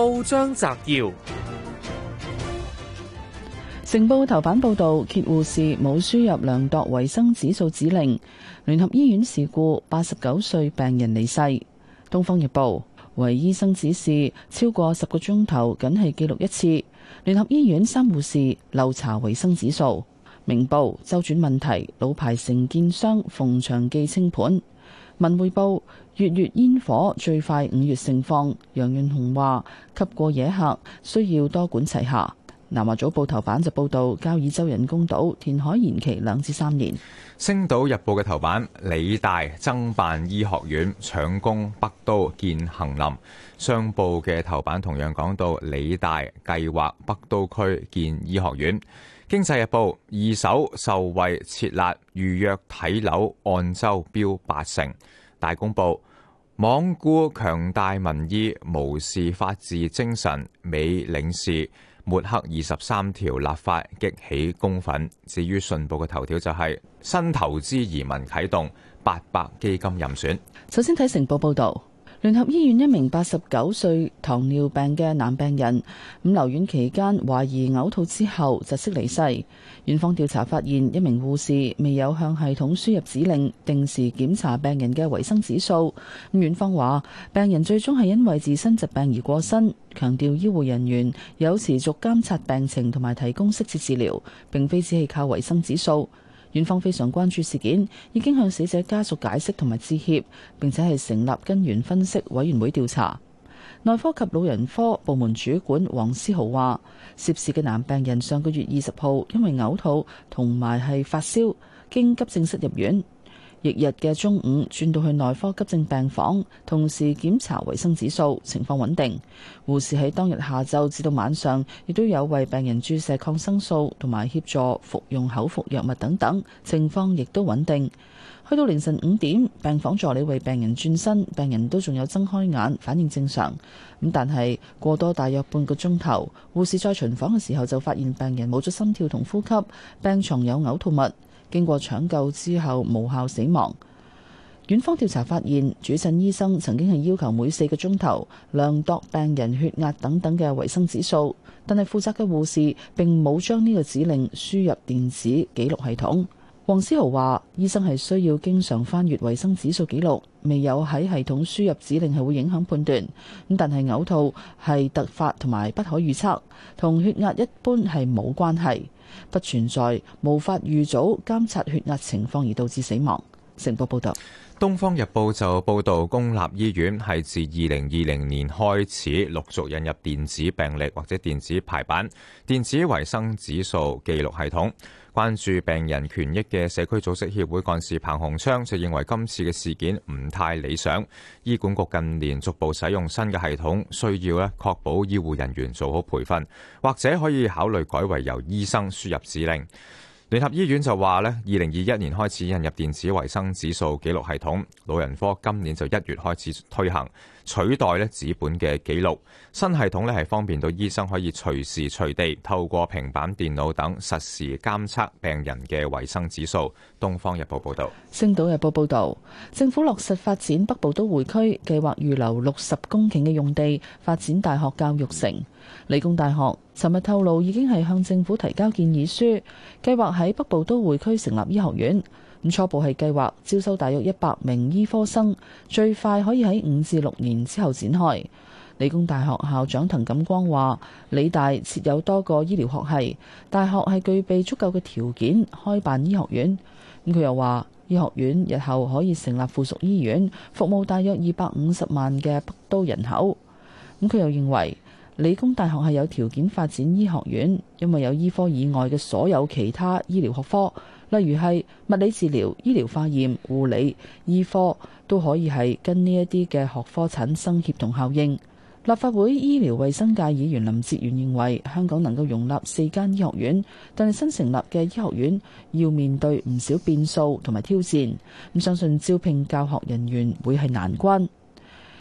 報章摘要：成報頭版報道，揭護士冇輸入量度維生指數指令；聯合醫院事故，八十九歲病人離世。東方日報：為醫生指示超過十個鐘頭，僅係記錄一次。聯合醫院三護士漏查維生指數。明報：周轉問題，老牌承建商逢長記清盤。文匯報：月月煙火最快五月盛放。楊潤雄話：吸過夜客，需要多管齊下。南華早報頭版就報道，交椅洲人工島填海延期兩至三年。星島日報嘅頭版，理大增辦醫學院搶攻北都建杏林。商報嘅頭版同樣講到，理大計劃北都區建醫學院。經濟日報二手受惠設立預約睇樓，按周標八成。大公報。罔顧強大民意，無視法治精神，美領事。《抹黑二十三條》立法激起公憤，至於信報嘅頭條就係新投資移民啟動，八百基金任選。首先睇成報報導。聯合醫院一名八十九歲糖尿病嘅男病人，喺留院期間懷疑嘔吐之後窒息離世。院方調查發現，一名護士未有向系統輸入指令定時檢查病人嘅維生指數。院方話，病人最終係因為自身疾病而過身。強調醫護人員有持續監察病情同埋提供適切治療，並非只係靠維生指數。院方非常關注事件，已經向死者家屬解釋同埋致歉，並且係成立根源分析委員會調查。內科及老人科部門主管黃思豪話：涉事嘅男病人上個月二十號因為嘔吐同埋係發燒，經急症室入院。翌日嘅中午，轉到去內科急症病房，同時檢查維生指數，情況穩定。護士喺當日下晝至到晚上，亦都有為病人注射抗生素同埋協助服用口服藥物等等，情況亦都穩定。去到凌晨五點，病房助理為病人轉身，病人都仲有睜開眼，反應正常。咁但係過多大約半個鐘頭，護士在巡房嘅時候就發現病人冇咗心跳同呼吸，病床有嘔吐物。經過搶救之後無效死亡，院方調查發現，主診醫生曾經係要求每四個鐘頭量度病人血壓等等嘅維生指數，但係負責嘅護士並冇將呢個指令輸入電子記錄系統。黃思豪話：醫生係需要經常翻閱維生指數記錄，未有喺系統輸入指令係會影響判斷。咁但係嘔吐係突發同埋不可預測，同血壓一般係冇關係，不存在無法預早監察血壓情況而導致死亡。成報報道，東方日報就報道，公立醫院係自二零二零年開始陸續引入電子病歷或者電子排版、電子維生指數記錄系統。關注病人權益嘅社區組織協會幹事彭洪昌就認為今次嘅事件唔太理想。醫管局近年逐步使用新嘅系統，需要咧確保醫護人員做好培訓，或者可以考慮改為由醫生輸入指令。聯合醫院就話咧，二零二一年開始引入電子衞生指數記錄系統，老人科今年就一月開始推行。取代咧紙本嘅記錄，新系統呢，係方便到醫生可以隨時隨地透過平板電腦等實時監測病人嘅衞生指數。《東方日報》報道，《星島日報》報道，政府落實發展北部都會區，計劃預留六十公頃嘅用地發展大學教育城。理工大學尋日透露已經係向政府提交建議書，計劃喺北部都會區成立醫學院。咁初步係計劃招收大約一百名醫科生，最快可以喺五至六年之後展開。理工大學校長滕錦光話，理大設有多個醫療學系，大學係具備足夠嘅條件開辦醫學院。咁佢又話，醫學院日後可以成立附屬醫院，服務大約二百五十萬嘅北都人口。咁佢又認為，理工大學係有條件發展醫學院，因為有醫科以外嘅所有其他醫療學科。例如係物理治療、醫療化驗、護理、醫科都可以係跟呢一啲嘅學科產生協同效應。立法會醫療衛生界議員林哲玄認為，香港能夠容納四間醫學院，但係新成立嘅醫學院要面對唔少變數同埋挑戰，唔相信招聘教學人員會係難關。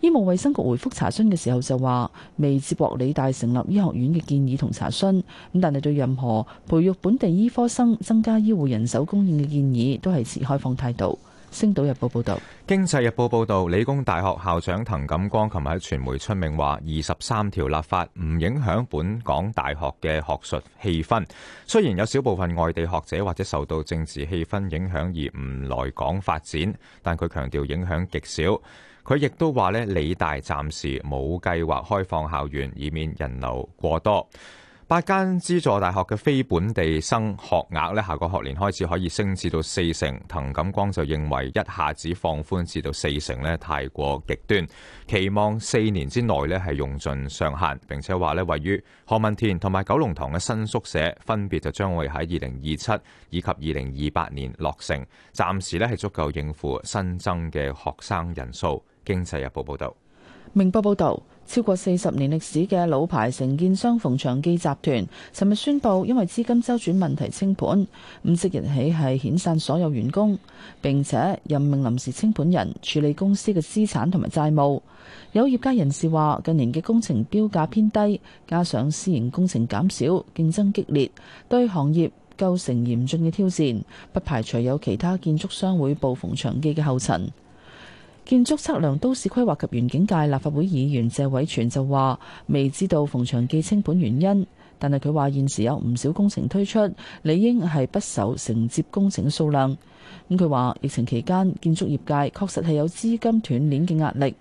醫務衛生局回覆查詢嘅時候就話，未接獲理大成立醫學院嘅建議同查詢，咁但係對任何培育本地醫科生、增加醫護人手供應嘅建議，都係持開放態度。星島日報報道：經濟日報報道，理工大學校長滕錦光琴日喺傳媒出面話，二十三條立法唔影響本港大學嘅學術氣氛。雖然有少部分外地學者或者受到政治氣氛影響而唔來港發展，但佢強調影響極少。佢亦都話咧，理大暫時冇計劃開放校園，以免人流過多。八間資助大學嘅非本地生學額呢，下個學年開始可以升至到四成。滕錦光就認為一下子放寬至到四成呢，太過極端。期望四年之內呢係用盡上限。並且話呢，位於何文田同埋九龍塘嘅新宿舍，分別就將會喺二零二七以及二零二八年落成。暫時呢係足夠應付新增嘅學生人數。經濟日報報導，明報報導，超過四十年歷史嘅老牌承建商逢祥記集團，尋日宣布因為資金周轉問題清盤，咁即日起係遣散所有員工，並且任命臨時清盤人處理公司嘅資產同埋債務。有業界人士話：近年嘅工程標價偏低，加上私營工程減少，競爭激烈，對行業構成嚴峻嘅挑戰。不排除有其他建築商會步逢祥記嘅後塵。建築測量、都市規劃及園景界立法會議員謝偉全就話：未知道逢場記清本原因，但係佢話現時有唔少工程推出，理應係不愁承接工程數量。咁佢話，疫情期間建築業界確實係有資金斷鏈嘅壓力，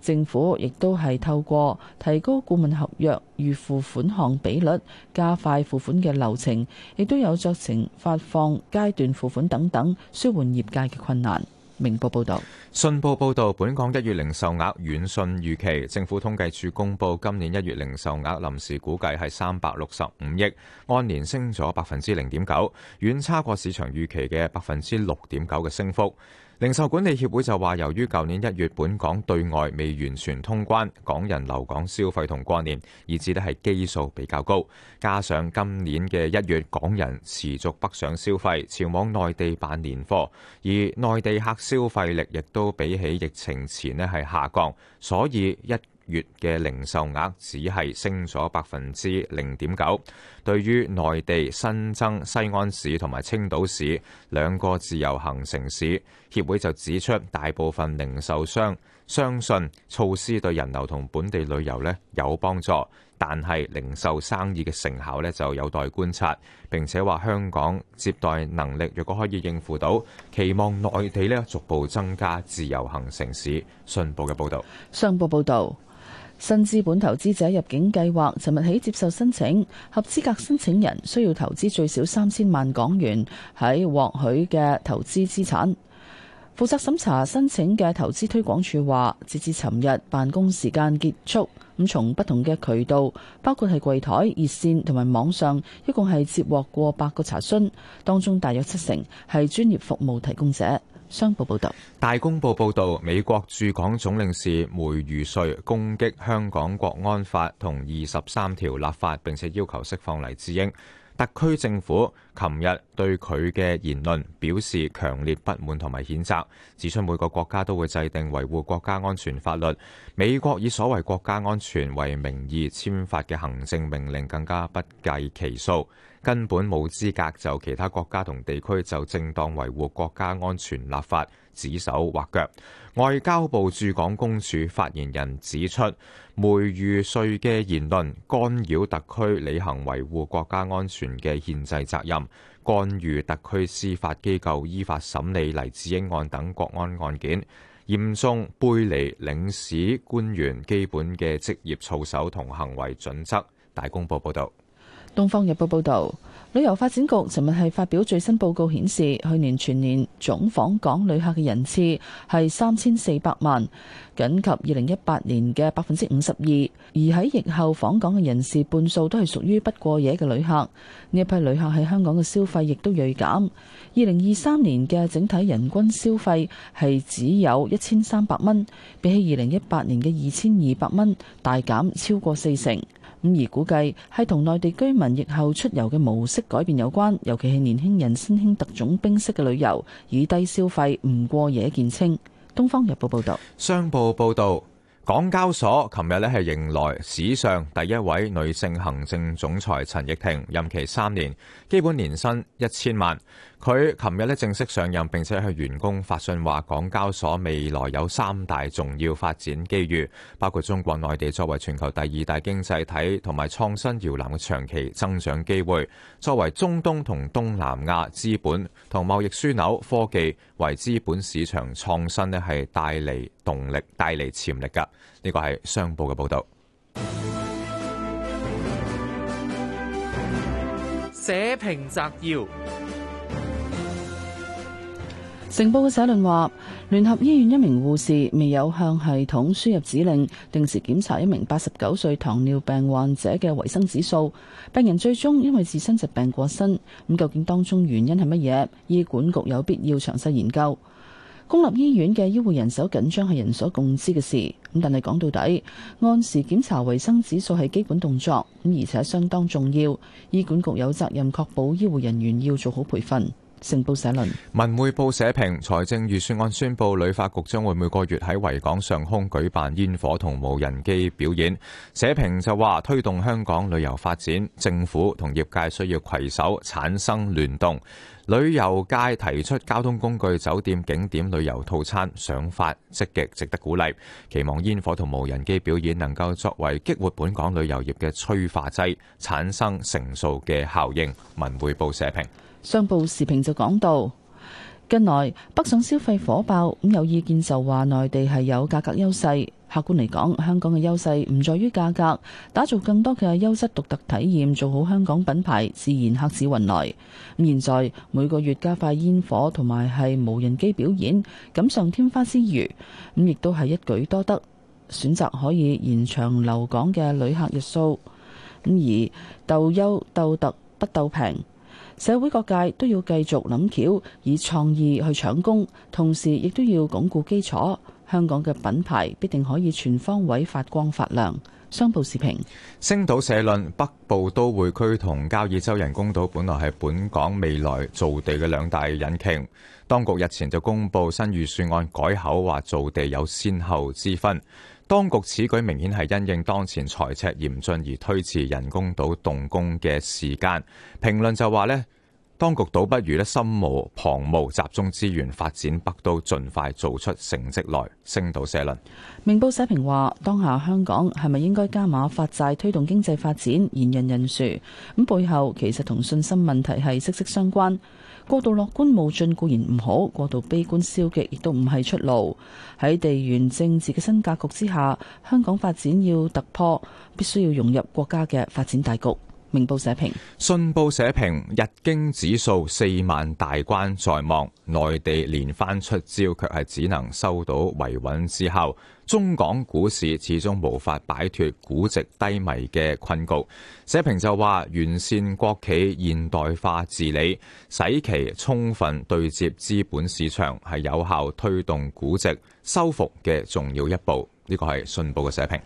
政府亦都係透過提高顧問合約預付款項比率、加快付款嘅流程，亦都有酌情發放階段付款等等，舒緩業界嘅困難。明報報道，信報報道，本港一月零售額遠遜預期。政府統計處公布，今年一月零售額臨時估計係三百六十五億，按年升咗百分之零點九，遠差過市場預期嘅百分之六點九嘅升幅。零售管理協會就話，由於舊年一月本港對外未完全通關，港人留港消費同過年，以致呢係基數比較高。加上今年嘅一月，港人持續北上消費，前往內地辦年貨，而內地客消費力亦都比起疫情前呢係下降，所以一月嘅零售額只係升咗百分之零點九。對於內地新增西安市同埋青島市兩個自由行城市，協會就指出，大部分零售商相信措施對人流同本地旅遊呢有幫助，但係零售生意嘅成效呢就有待觀察。並且話香港接待能力如果可以應付到，期望內地呢逐步增加自由行城市。信報嘅報導，信報報導。新資本投資者入境計劃，尋日起接受申請，合資格申請人需要投資最少三千萬港元喺獲許嘅投資資產。負責審查申請嘅投資推廣署話，截至尋日辦公時間結束，咁從不同嘅渠道，包括係櫃台、熱線同埋網上，一共係接獲過百個查詢，當中大約七成係專業服務提供者。商報報導，大公報報導，美國駐港總領事梅儒瑞攻擊香港國安法同二十三條立法，並且要求釋放黎智英。特區政府琴日對佢嘅言論表示強烈不滿同埋譴責，指出每個國家都會制定維護國家安全法律，美國以所謂國家安全為名義簽發嘅行政命令更加不計其數。根本冇資格就其他國家同地區就正當維護國家安全立法指手畫腳。外交部駐港公署發言人指出，梅儒瑞嘅言論干擾特區履行維護國家安全嘅憲制責任，干預特區司法機構依法審理黎智英案等國安案件，嚴重背離領事官員基本嘅職業操守同行為準則。大公報報道。《東方日報》報導，旅遊發展局尋日係發表最新報告，顯示去年全年總訪港旅客嘅人次係三千四百萬，僅及二零一八年嘅百分之五十二。而喺疫後訪港嘅人士半數都係屬於不過夜嘅旅客，呢一批旅客喺香港嘅消費亦都銳減。二零二三年嘅整體人均消費係只有一千三百蚊，比起二零一八年嘅二千二百蚊大減超過四成。咁而估計係同內地居民疫後出遊嘅模式改變有關，尤其係年輕人新興特種兵式嘅旅遊，以低消費唔過夜見稱。《東方日報》報道，商報報道，港交所琴日咧係迎來史上第一位女性行政總裁陳奕婷，任期三年，基本年薪一千萬。佢琴日呢正式上任，並且向員工發信話，港交所未來有三大重要發展機遇，包括中國內地作為全球第二大經濟體同埋創新搖籃嘅長期增長機會，作為中東同東南亞資本同貿易樞紐，科技為資本市場創新呢係帶嚟動力、帶嚟潛力嘅。呢個係商報嘅報導。社評摘要。成報嘅社論話：聯合醫院一名護士未有向系統輸入指令，定時檢查一名八十九歲糖尿病患者嘅維生指數，病人最終因為自身疾病過身。咁究竟當中原因係乜嘢？醫管局有必要詳細研究。公立醫院嘅醫護人手緊張係人所共知嘅事。咁但係講到底，按時檢查維生指數係基本動作，咁而且相當重要。醫管局有責任確保醫護人員要做好培訓。《文匯報》社評，《文匯報》社評，財政預算案宣佈，旅發局將會每個月喺維港上空舉辦煙火同無人機表演。社評就話推動香港旅遊發展，政府同業界需要攜手產生聯動。旅遊界提出交通工具、酒店、景點、旅遊套餐想法，積極值得鼓勵。期望煙火同無人機表演能夠作為激活本港旅遊業嘅催化劑，產生乘數嘅效應。文匯報社《文匯報》社評。商報時評就講到，近來北上消費火爆，咁有意見就話內地係有價格優勢。客觀嚟講，香港嘅優勢唔在於價格，打造更多嘅優質獨特體驗，做好香港品牌，自然客似雲來。咁現在每個月加快煙火同埋係無人機表演，錦上添花之餘，咁亦都係一舉多得，選擇可以延長留港嘅旅客日數。咁而鬥優鬥特不鬥平。社會各界都要繼續諗橋，以創意去搶工，同時亦都要鞏固基礎。香港嘅品牌必定可以全方位發光發亮。商報視評。星島社論：北部都會區同交椅洲人工島本來係本港未來造地嘅兩大引擎，當局日前就公布新預算案，改口話造地有先後之分。當局此舉明顯係因應當前財赤嚴峻而推遲人工島動工嘅時間。評論就話咧，當局倒不如咧心無旁騖，集中資源發展北都，盡快做出成績來。星島社論。明報社評話，當下香港係咪應該加碼發債推動經濟發展？言人人殊咁，背後其實同信心問題係息息相關。過度樂觀冇盡固然唔好，過度悲觀消極亦都唔係出路。喺地緣政治嘅新格局之下，香港發展要突破，必須要融入國家嘅發展大局。明報社評，信報社評，日經指數四萬大關在望，內地連番出招，卻係只能收到維穩之後。中港股市始終無法擺脫估值低迷嘅困局，社評就話，完善國企現代化治理，使其充分對接資本市場，係有效推動估值修復嘅重要一步。呢個係信報嘅社評。